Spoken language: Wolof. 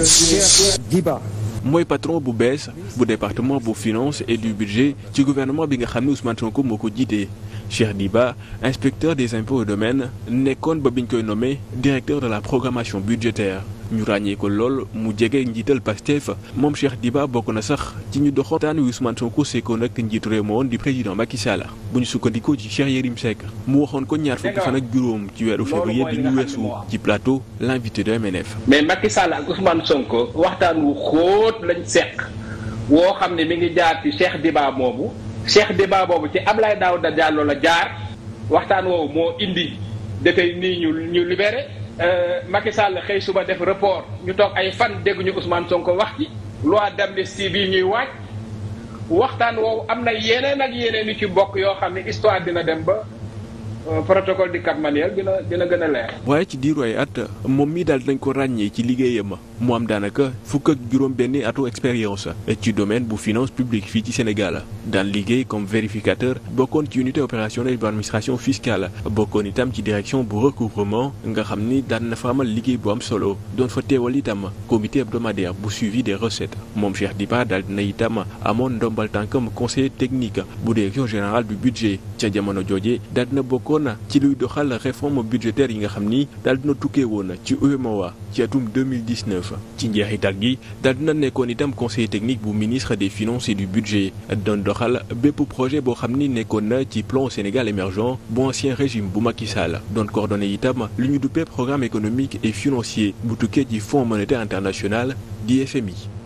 Cheikh Diba mooy patron bu bees bu departement bu finance et du budget ci gouvernement bi nga xam ne Ousmane ko moo ko jiitee Cheikh Diba inspecteur des impôts et domaines nekkoon ba biñ koy nommé directeur de la programmation budgétaire ñu ràññee ko lool mu jege njiital fa moom Cheikh Diba bokk na sax ci ñu doxotaan wi Ousmane Sonko seekoo nag njiitu réew ma woon di président Macky Sall bu ñu sukkandikoo ci Cheikh Yérim Seck mu waxoon ko ñaar fukki fan ak juróom ci weeru février bi ñu weesu ci plateau l'invité de MNF. mais Macky Sall ak Ousmane Sonko waxtaan wu xóot lañ seq xam ne mi ngi jaar ci Cheikh Diba moomu. cheikh débat boobu ci daaw da Diallo la jaar waxtaan woow moo indi da tey nii ñu ñu libéré euh, Macky Sall xëy suba def rapport ñu toog ay fan dégguñu Ousmane Sonko wax ci loi d'amnistie bi ñuy waaj waxtaan woowu am na yeneen ak yeneen yu ci bokk yoo xam ne histoire dina dem ba Euh, protocole di Cap Manuel dina dina gën a waaye ci diiru ay at moom mii daal dinañ ko ràññee ci liggéeyam mu am daanaka fukk ak juróom-benni atu expérience ci domaine bu finance publique fii ci Sénégal daan liggéey comme vérificateur bokkoon ci unité opérationnelle bu administration fiscale bokkoon itam ci direction bu recouvrement nga xam ni daan na fa amal liggéey bu am solo doon fa teewal itam comité hebdomadaire bu suivi des recettes moom Cheikh Diba daal dina itam amoon ndombal tànkam conseiller technique bu direction générale du budget ca jamono jooje daal dina bokk nekkoon na ci luy doxal réforme budgétaire yi nga xam ni daal dina tukkee woon ci UEMOA ci atum 2019 ci njeexital gi daal dina nekkoon itam conseiller technique bu ministre des finances et du budget doon doxal bépp projet boo xam ni nekkoon na ci plan Sénégal émergent bu ancien régime bu Macky Sall doon coordonné itam li ñu duppee programme économique et financier bu tukkee ci fonds monétaire international di FMI